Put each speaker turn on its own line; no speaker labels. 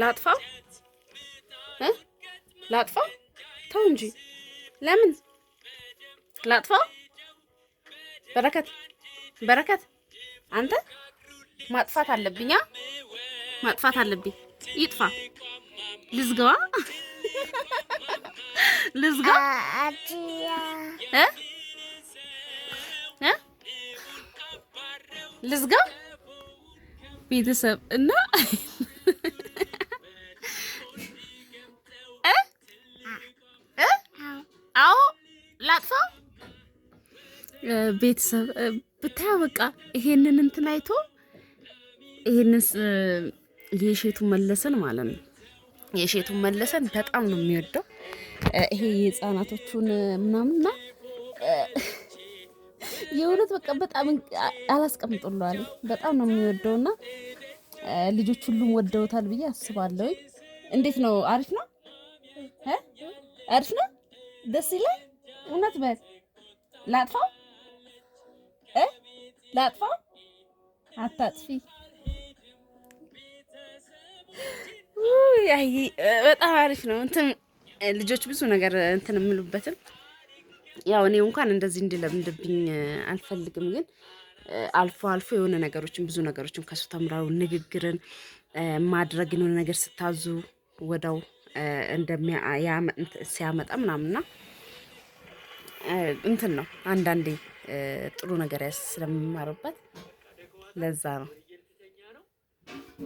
ላጥፋ ላጥፋ ላጥፋው ተው እንጂ ለምን ላጥፋ በረከት በረከት አንተ ማጥፋት አለብኛ ማጥፋት አለብኝ። ይጥፋ። ልዝጋዋ ልዝጋ እ እ ልዝጋ
ቤተሰብ እና ቤተሰብ ብታየው በቃ ይሄንን እንትን አይቶ ይሄንን የሼቱ መለሰን ማለት ነው።
የሼቱ መለሰን በጣም ነው የሚወደው
ይሄ የህፃናቶቹን ምናምንና የእውነት በቃ በጣም አላስቀምጦለዋል። በጣም ነው የሚወደውና ልጆች ሁሉም ወደውታል ብዬ አስባለሁ።
እንዴት ነው? አሪፍ ነው፣ አሪፍ ነው። ደስ ይላል። እውነት በል ላጥፋው ላጥፋ? አታጥፊ። በጣም አሪፍ ነው። እንትን ልጆች ብዙ ነገር እንትን የምሉበትም ያው እኔ እንኳን እንደዚህ እንዲለምድብኝ አልፈልግም፣ ግን አልፎ አልፎ የሆነ ነገሮችን ብዙ ነገሮችን ከሱ ተምራው ንግግርን ማድረግ የሆነ ነገር ስታዙ ወዳው ሲያመጣ ምናምንና እንትን ነው አንዳንዴ ጥሩ ነገር ስለማርበት ለዛ ነው።